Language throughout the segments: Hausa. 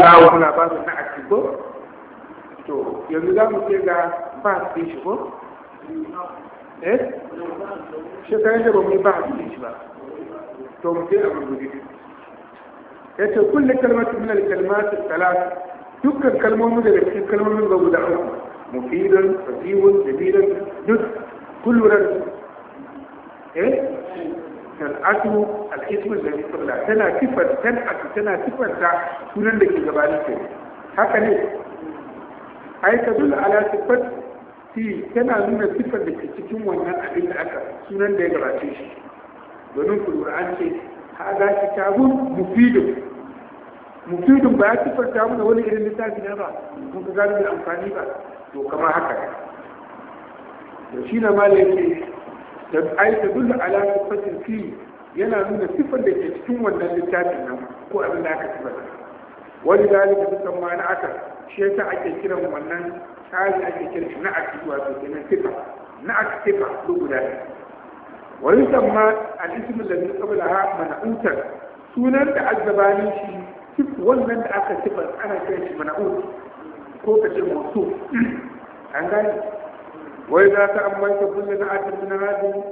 tana wa ba su na a ko to yanzu za mu ce ga ba su shi ko eh da ba mu ba su shi ba to mu ce a gurguri ya ce dukkan daga cikin kalmomin ba guda uku mufidan fasihun duk eh tal'atu al'ismu da bismillah tana sifar tal'atu tana sifarta sunan da ke gabanin ta haka ne ai ta ala sifar tana nuna sifar da ke cikin wannan abin aka sunan da ya gabace shi domin kulura an ce haza kitabun mufidun mufidun ba ya sifarta mana wani idan littafi na ba mun ga gano da amfani ba to kamar haka ne to shi na malai ai ta dulla ala fatin fi yana nuna sifar da ke cikin wannan littafin nan ko abin da aka sifar wani da dukkan ma na aka shi yasa ake kiran wannan tsari ake kiran shi na aki wato kenan sifa na aki sifa duk guda ne wani samma a ismin da ha mana man'utan sunan da azzabanin shi wannan da aka sifar ana kiran shi man'ut ko kace mawsuf an gane وإذا تأملت كل نعت من هذه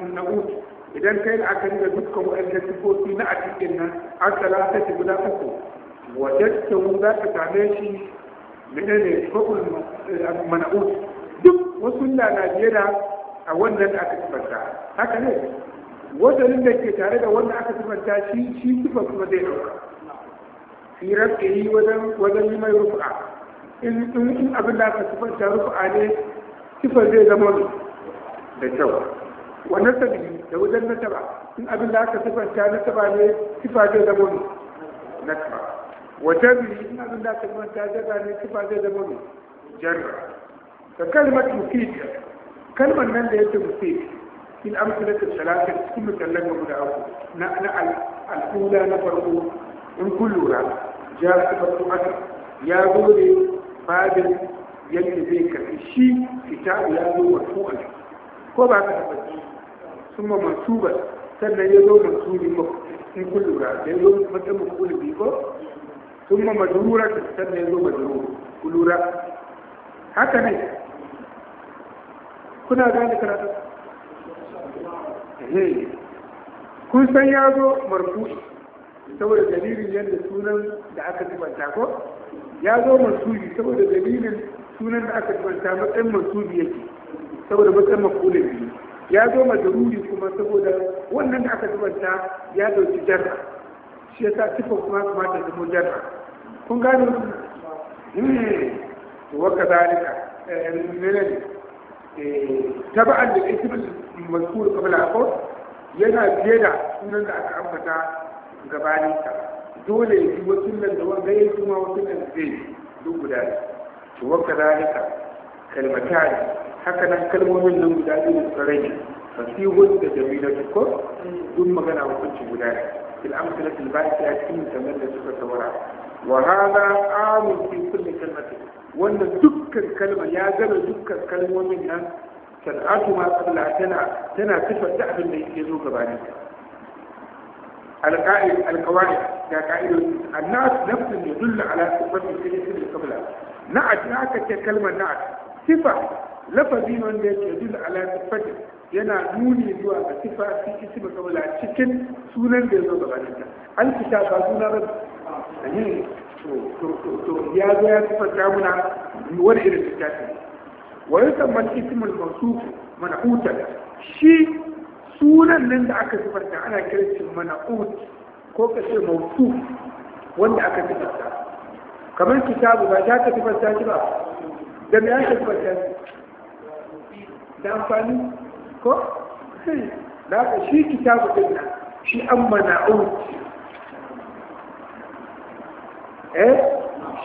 النعوت إذا كان أكن ذكركم أن تكون نعت إن الثلاثة بلا أكو وجدته ذاك تعميشي من الشغل المنعوت duk wasu na Najeriya a wannan aka sifanta haka ne wasannin da ke tare da wannan aka sifanta shi shi sifa kuma zai ɗauka firar da yi wajen yi mai rufa in abin da aka sifanta ne sifar zai zama da kyau wa nasabi da wajen nasaba in abin da aka sifanta nasaba ne sifa zai zama nasaba wa jabiri in abin da aka sifanta jaga ne sifa zai zama jarra ka kalmar mufid kalmar nan da yake mufid in amsalatul salatu cikin misalan guda uku na na al'ula na farko in kun lura ja sifatu ya zo ne babin yadda zai karfi shi kitabu ya zo marfu'an ko ba ka tabbaci sun ma mansuba sannan ya zo mansubi ba in kun lura da ya zo mata mafulu bi ko sun ma majrura sannan ya zo majrura ku lura haka ne kuna gane karatu kun san ya zo marfu'i saboda dalilin yadda sunan da aka tibanta ko ya zo marfu'i saboda dalilin sunan da aka kwanta matsayin masu yake saboda matsayin makulin biyu ya zo madaruri kuma saboda wannan da aka kwanta ya dauki jarra shi ya sa tufa kuma kuma ta zama jarra kun gano to waka eh, zalika eh, menene eh, taba'an da ismin mazkur qabla aqwa yana fiye da sunan da aka ambata gabanin ka dole ya yi wasu nan da wanda ya yi kuma wasu nan zai duk guda ne to wa kadalika kalmatani haka nan kalmomin nan guda biyu da ne. fasihun da jamilatu ko duk magana hukunci guda ne fil amsalati al ba'ida cikin kamar da suka saura wa hada amun fi kulli kalmatin wanda dukkan kalma ya gama dukkan kalmomin nan sana'atu ma qabla tana tana sifar da abin da yake zo gabanin alqa'id alqawaid ga ka'idodin annas nafsun ya dulla ala sifati sirrin kabla na'at na aka ce kalmar na'at sifa lafazi wanda yake dulla ala sifati yana nuni zuwa ga sifa fi ismi kabla cikin sunan da ya zo gabanin ta an kita ba sunan ba ne to ya zo ya sifanta muna wani irin littafi wa yusamma ismul mawsuf man'utan shi sunan nan da aka sifanta ana kiran shi man'ut ko ka ce mawfu wanda aka tabbata kamar kitabu ba ta tabbata shi ba da me aka tabbata shi da amfani ko sai da ka shi kitabu din nan shi an mana'u eh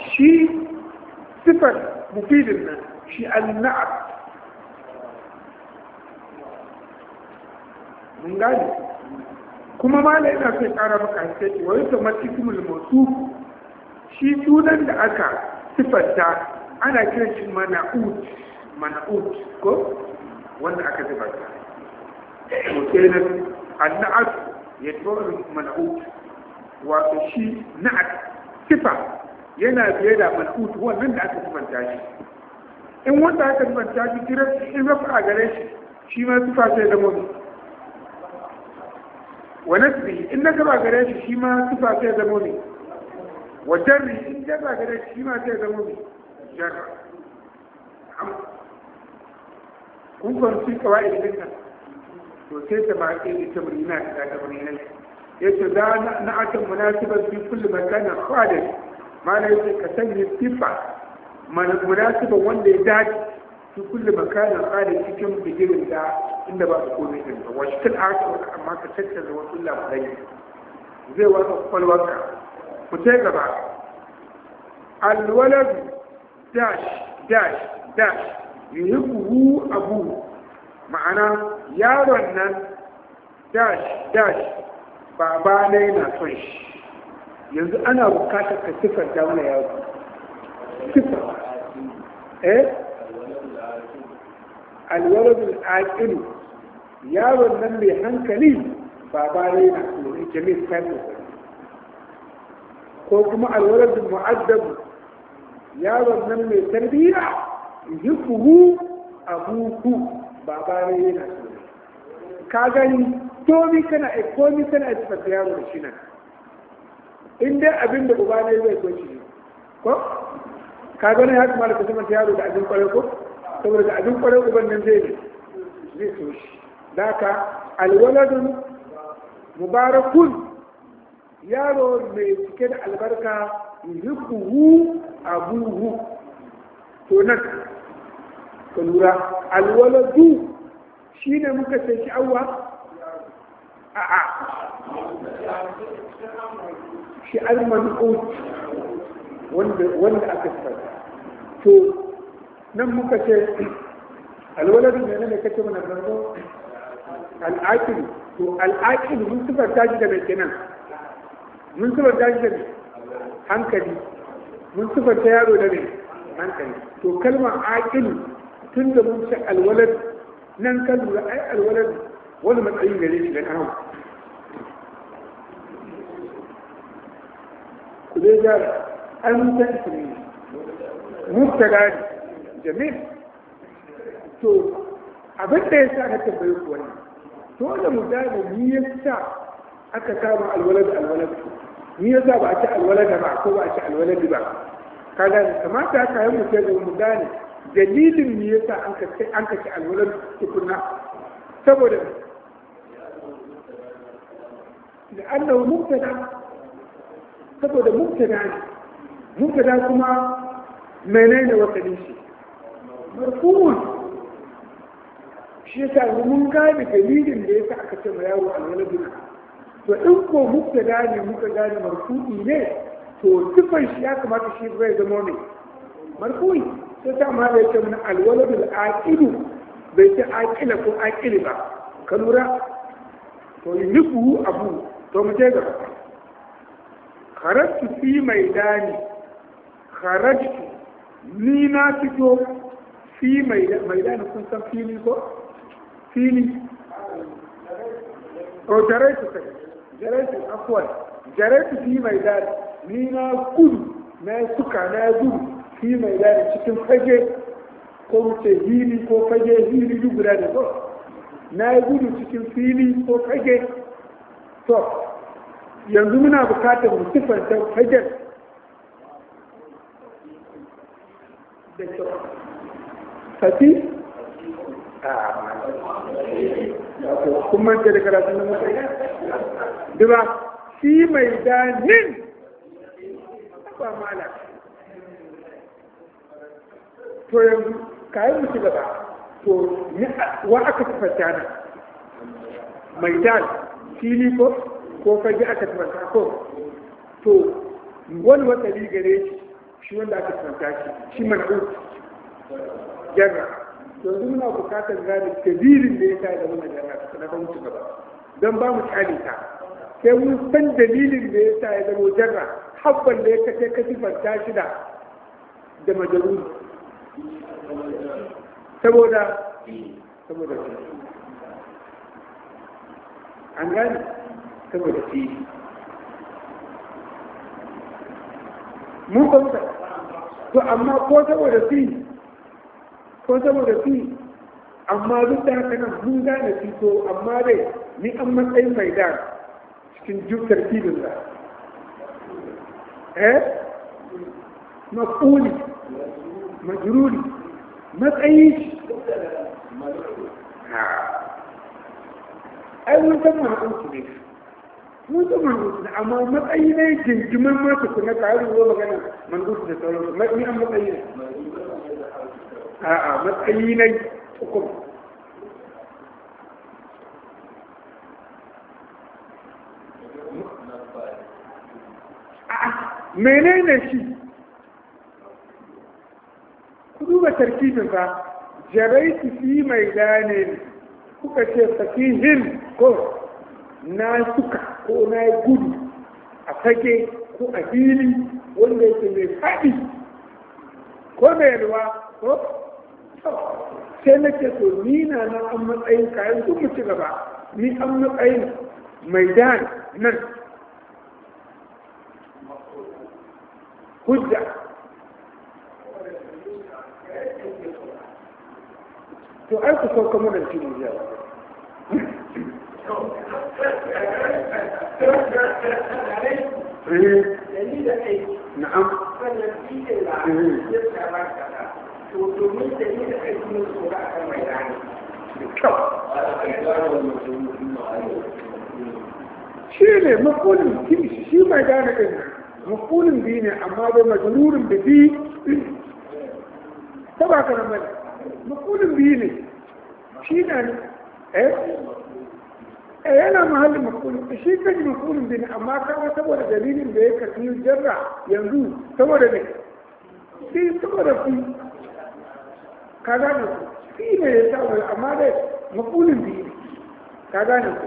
shi sifar mufidin nan shi an na'ab mun gane kuma mala ina sai kara maka sai wa yusa matikimul mawsuf shi sunan da aka sifanta ana kiran shi mana'ut mana'ut ko wanda aka sifanta mutane anna'at ya tura mana'ut wato shi na'at sifa yana biye da mana'ut wannan da aka sifanta shi in wanda aka sifanta shi kiran shi rafa a gare shi shi ma sifa sai da mutum wa nasbi in na gaba gare shi shi sai zama ne wa jarri in gaba gare shi shi ma sai zama ne jarra kun kwanci kawai idan ka to sai ta ba ke ita da ta murina yace da na akan munasibar fi kulli makana khadir mana yace ka sanya sifa mana munasibar wanda ya dace fi kulli makana khadir cikin bigirin da inda ba su komai din ba wasu tun aka wani amma ka tattara wasu labarai zai wata kwakwalwarka ku sai gaba alwalad dash dash dash yuhibbu abu ma'ana yaron nan dash dash baba ne na son shi yanzu ana bukatar ka sifar da wani yaro sifar eh alwaladul aqil yaron nan mai hankali baba ne na so yake mai ko kuma alwaladul mu'addab yaron nan mai tarbiyya yufuhu abuku baba ne yana so ka gani komi kana a eh, komi kana a cikin yaro shi nan in dai abin da uba ne zai so shi ko ka gani ya kamata ka zama yaro da abin kwarai ko saboda da abin kwarar uban nan zai ne zai so shi da haka alwaladun mubarakun yaro mai cike da albarka yuhibbuhu abuhu to nan ka lura alwaladu shine muka ce shi awwa a'a shi almanu wanda aka sani to nan muka ce alwaladu ne ne kake mana zango al'aqil to al'aqil mun sifar tashi da mai kenan mun sifar tashi da hankali mun sifar ta yaro da mai hankali to kalmar aqil tun da mun ce alwalar nan kan lura ai alwalar wani matsayin gare shi da nahu ku dai ga an san shi mubtada ne jamil to abin da ya sa na tambayi ku wannan da mu gane ni ya sa aka kama alwalad alwalad ni ya sa ba a ci alwalad ba ko ba a ci alwalad ba kaga kamata ka yi mutum da mu gane dalilin ni ya sa an ka ci alwalad tukunna saboda لأنه mubtada saboda mubtada ne mubtada kuma menene wakalin shi marfu'un shi ta yasa mun gane dalilin da ya sa aka ce ma yaro alwaladun to in ko muka gane muka gane marfu'i ne to sifan shi ya kamata shi zai zama ne marfu'i sai ta ma da yake mun alwaladul aqilu bai ce aqila ko aqili ba ka lura to yunufu abu to mu je gaba kharajtu fi maidani kharajtu ni na fito fi mai dana sun san fili ko fili o oh, jaraitu kai jaraitu afuwar jaraitu fi mai dana ni na gudu na suka na ya gudu fi mai dana cikin fage ko wuce hili ko fage hili duk guda da ko na gudu cikin fili ko fage to yanzu muna bukatar mu sifanta fagen da kyau fati ah. kuma manta da karatun da mutum duba shi mai danin ba mala to yanzu ka yi ci gaba to wa aka fi fata nan mai dan fili ko ko fage aka fi fata ko to wani wata gare shi shi wanda aka fi fata shi shi mana uku jarra to duk muna bukatar gane dalilin da ya sa da muna jarra na ban ci gaba don ba mu kyale sai mun san dalilin da ya sa ya zama jarra habban da ya kace kasifar ta shida da majaluri saboda saboda an gane saboda shi mun kwanta to amma ko saboda shi ko saboda su amma duk da haka nan mun gane su to amma dai ni an matsayin mai da cikin duk tartibin da eh maquli majruri matsayi ai mun san su ne mun san mahaukaci ne amma matsayi ne jinjiman ma su kuma tsarin zo magana mangusu da sauransu ni an matsayi ne a'a matsayi na hukum menene shi ku duba tarkibin ba su fi mai gane kuka ce fakihin ko na suka ko na gudu a fage ko a fili wanda yake mai faɗi ko mai ruwa ko sai na ce to ni na nan an matsayin kayan duk mu ci gaba ni an matsayin mai dan nan hujja to ai ku sauka mana shi ne yau na'am to domin da ni da kai kuma tsoro a kan mai rani shi ne makulin kimishi shi mai gane ɗin makulin bi ne amma da majalurin da bi ta ba ka nan bane makulin bi ne shi na ne eh a eh, yana mahallin A shi kan makulin bi ne amma kawo saboda dalilin da ya kasu jarra yanzu saboda ne sai saboda fi كذا في من يسأل الأمانة مقبول به كذا نقول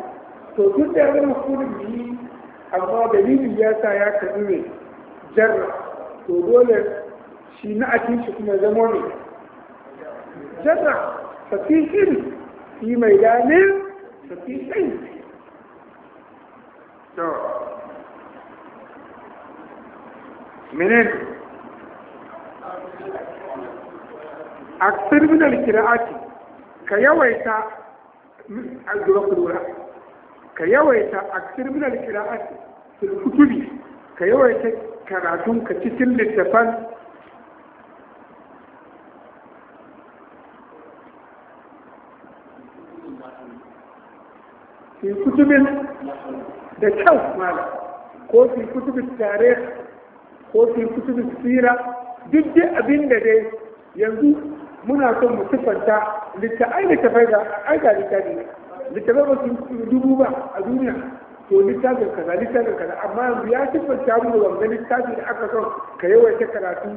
تو جد هذا مقبول به أما دليل ياتا يا كذب جرة تو دولة شيء نأتي شو كنا زمانه جرة فتيسين في ميدان فتيسين تو منين aksir min alqira'ati ka yawaita al-qur'an ka yawaita aksir min alqira'ati fil kutubi ka yawaita karatun ka cikin littafan fi kutubin da kyau malam ko fi kutubin tarih ko fi kutubin sira duk dai da yanzu muna son mu siffanta littafai littafai da ai ga littafi littafai ba su dubu ba a duniya to littafin kaza littafin kaza amma yanzu ya siffanta mu da wanga littafi da aka son ka yawaita karatu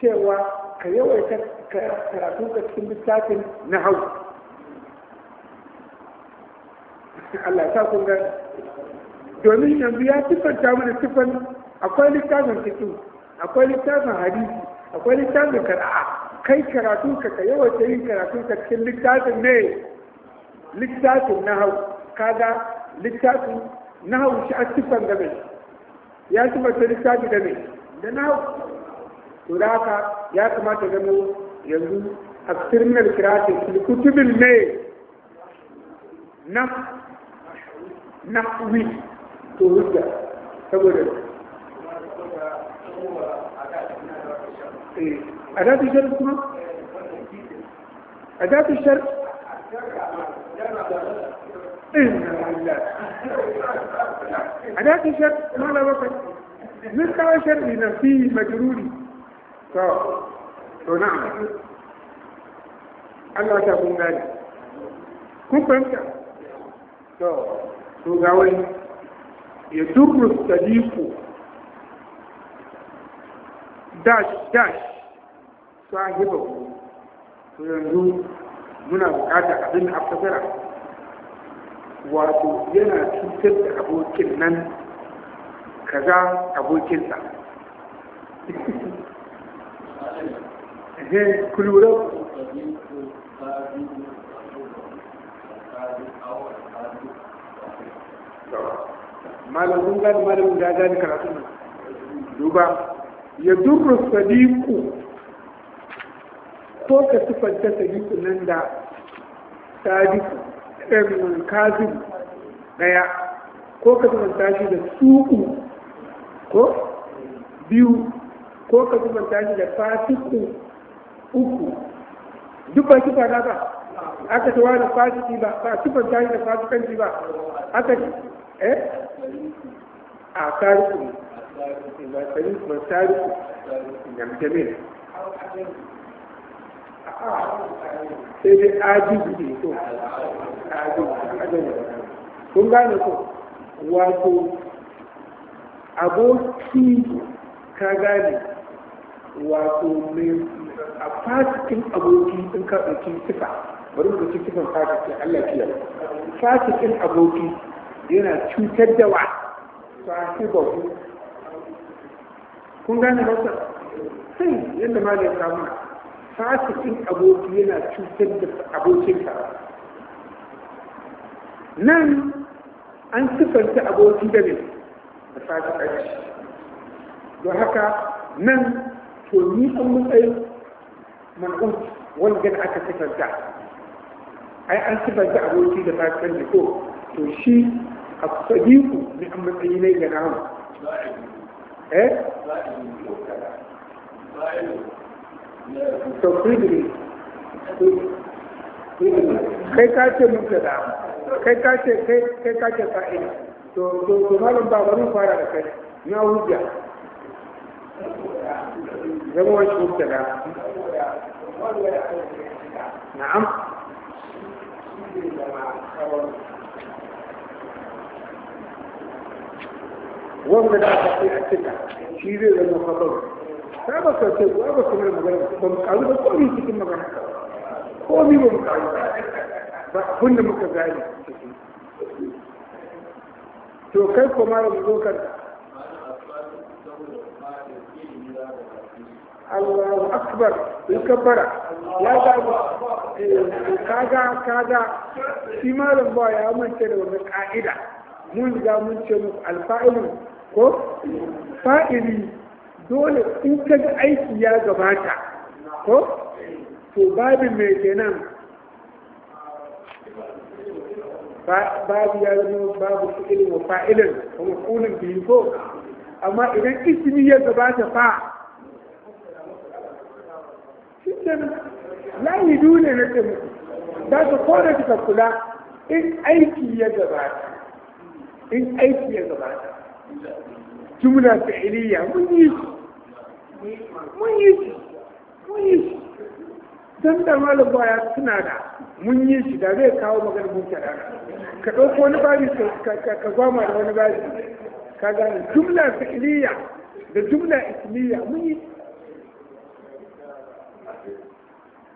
cewa ka yawaita karatu ka cikin littafin na hau Allah ta kun gani domin yanzu ya siffanta mu da siffan akwai littafin cikin akwai littafin hadisi akwai littafin kar'a كي كراتو كتايو وكي كراتو تكسل لكتاتو ني لكتاتو نهو كذا لكتاتو نهو شا اتفن دمي يا سمع تلكتاتو دمي دنهو تراكا يا سمع تدمو يزو اكثر من الكراتي لكتب الني نف نقوي تهدى تبرد Thank you. أداة الشر بكم أداة الشر أداة الشر ما لا وقت من قال شر إن فيه مجرور فو فو نعم الله تقول ذلك كن فهمت فو فو قوي يدر الصديق داش داش sahibin to yanzu muna buƙatar abin da wato yana cutar da abokin nan kaza abokinsa ehe karatu duba ya durru sadiku soka de ta sadiku nan da sadiku ɗan kazin ɗaya ko ka zumanta shi da suku ko biyu ko ka zumanta shi da fasiku uku duk ba sifa na ba aka tawa da fasiki ba ba sifar ta shi da fasikanci ba aka eh a tariku ba tariku ba tariku jamil sai dai ajizu ne to kun gane ko wato aboki ka gane wato mai a fasikin aboki in ka ɗauki sifa bari mu ɗauki sifan fasikin Allah ya fasikin aboki yana cutar da wa sahibahu kun gane ba sai yadda ma ne ya samu fasikin aboki yana cutar da abokinka nan an sifanta aboki da ne da fasikanci don haka nan to ni an matsayi man'ut wanda aka sifanta ai an sifanta aboki da fasikanci ko to shi a sadiku ni an matsayi ne ga namu eh to kai ka ce mun da kai ka ce kai ka ce fa'ida to to to malam ba bari fara da kai na hujja zama wani mubtada na'am wanda da aka ce a cika shi zai zama khabar ta ba ka ce ba ba kuma magana ba mu karu ba komi cikin magana komi ba mu karu ba abin da muka gane to kai ko malam zo kan Allahu akbar in kabbara ya ga eh, kaga kaga shi malam ba ya mance da wani ka'ida mun riga mun ce muku alfa'ilu ko fa'ili dole in ka ga aiki ya gabata ko to babu mai kenan babu ya zama babu ilin wa fa'ilin wa maf'ulin biyu ko amma idan ismi ya gabata fa shidan layi dole na ce za ka kone ka kula in aiki ya gabata in aiki ya gabata jumla fi'iliya mun yi mun yi shi mun yi shi don da malam baya suna da mun yi shi da zai kawo maganin mun kyara ka ɗauko wani bari ka gwama da wani bari ka gane jumla fi'liya da jumla ismiya mun yi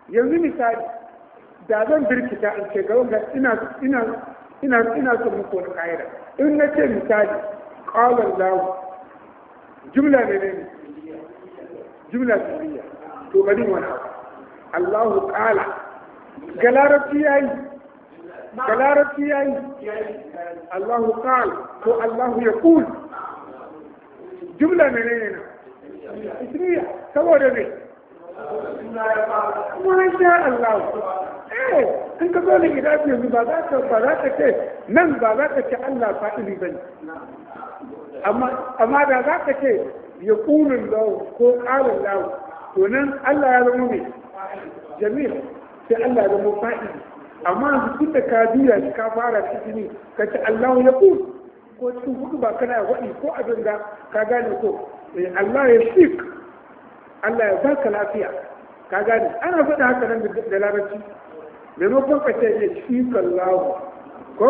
yanzu misali da zan birkita in ce ga wanda ina ina ina ina so muku wani ƙa'ida in na ce misali ƙawar Allah jumla ne ne jumla fi'liya to bari wani abu Allahu qala ga ya yi, ga ya yi. Allahu qala ko Allahu yaqul jumla ne menene na ismiya saboda me masha Allah eh in ka zo ne idan yanzu ba za ka ba za ka ce nan ba za ka ce Allah fa'ili bane amma amma da za ka ce ya kulun lawo ko ƙalin lawo to Allah ya zama mai jamil sai Allah ya zama fa'i amma yanzu tun da ka juya ka fara cikin ka ce ya kulu ko cikin hudu ba kana waɗi ko abin da ka gane ko Allah ya sik Allah ya baka lafiya ka gane ana faɗa haka nan da ko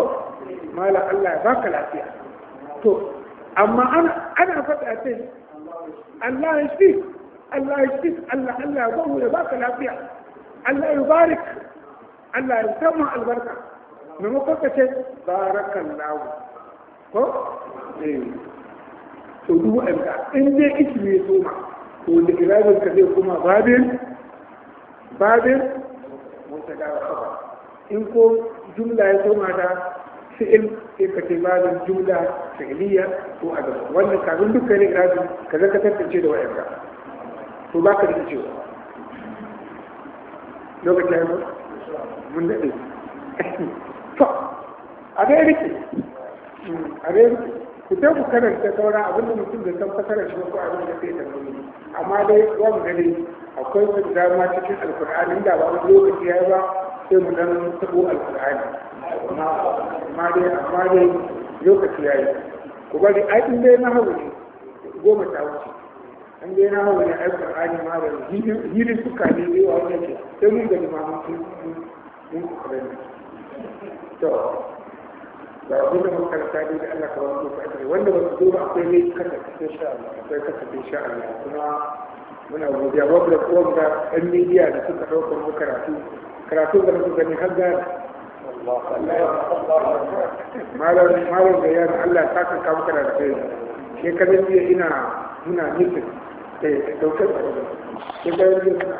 mala Allah ya baka lafiya to amma ana Allah ya shi Allah ya shi Allah Allah ya gwamnu ya baka lafiya Allah ya barik Allah ya samu albarka maimakon ka ce barakallahu ko eh to duk wa'anda in dai ikimi ya soma to da irabin ka zai kuma babin babin mutaka wa in ko jumla ya soma da fi'il sai ka ce malin jumla fi'liya ko adam wannan kafin dukkanin irabin ka zaka tantance da wa'anka to ba ka rikicewa lokacin yamma mun daɗe to a dai rike hmm, a dai rike ku ta ku karanta saura abinda mutum da san fasara shi ko abin da sai tambayi amma dai mu gari akwai wani dama cikin alkur'ani da ba wani lokaci ya ba sai mu dan tabo alkur'ani dai amma dai lokaci ya yi ku bari ai in dai na hawa goma ta wuce an dai na hawa ma ne wa wannan sai mun ga sun mun ku to da dai da Allah ka ba mu fa'ida wanda ba su zo ba akwai ne kasa Allah akwai kasa Allah kuma muna godiya wanda ga ɗan midiya da suka ɗaukar mu karatu karatu da muka gani har gara malam Malam da yana Allah ta kan kawo kana da kai shekarar jiya ina muna nufin da eh, daukar da shekarar jiya